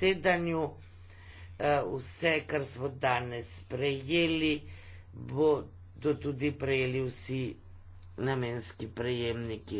zasedanju. Eh, vse, kar smo danes prejeli, bodo tudi prejeli vsi namenski prejemniki.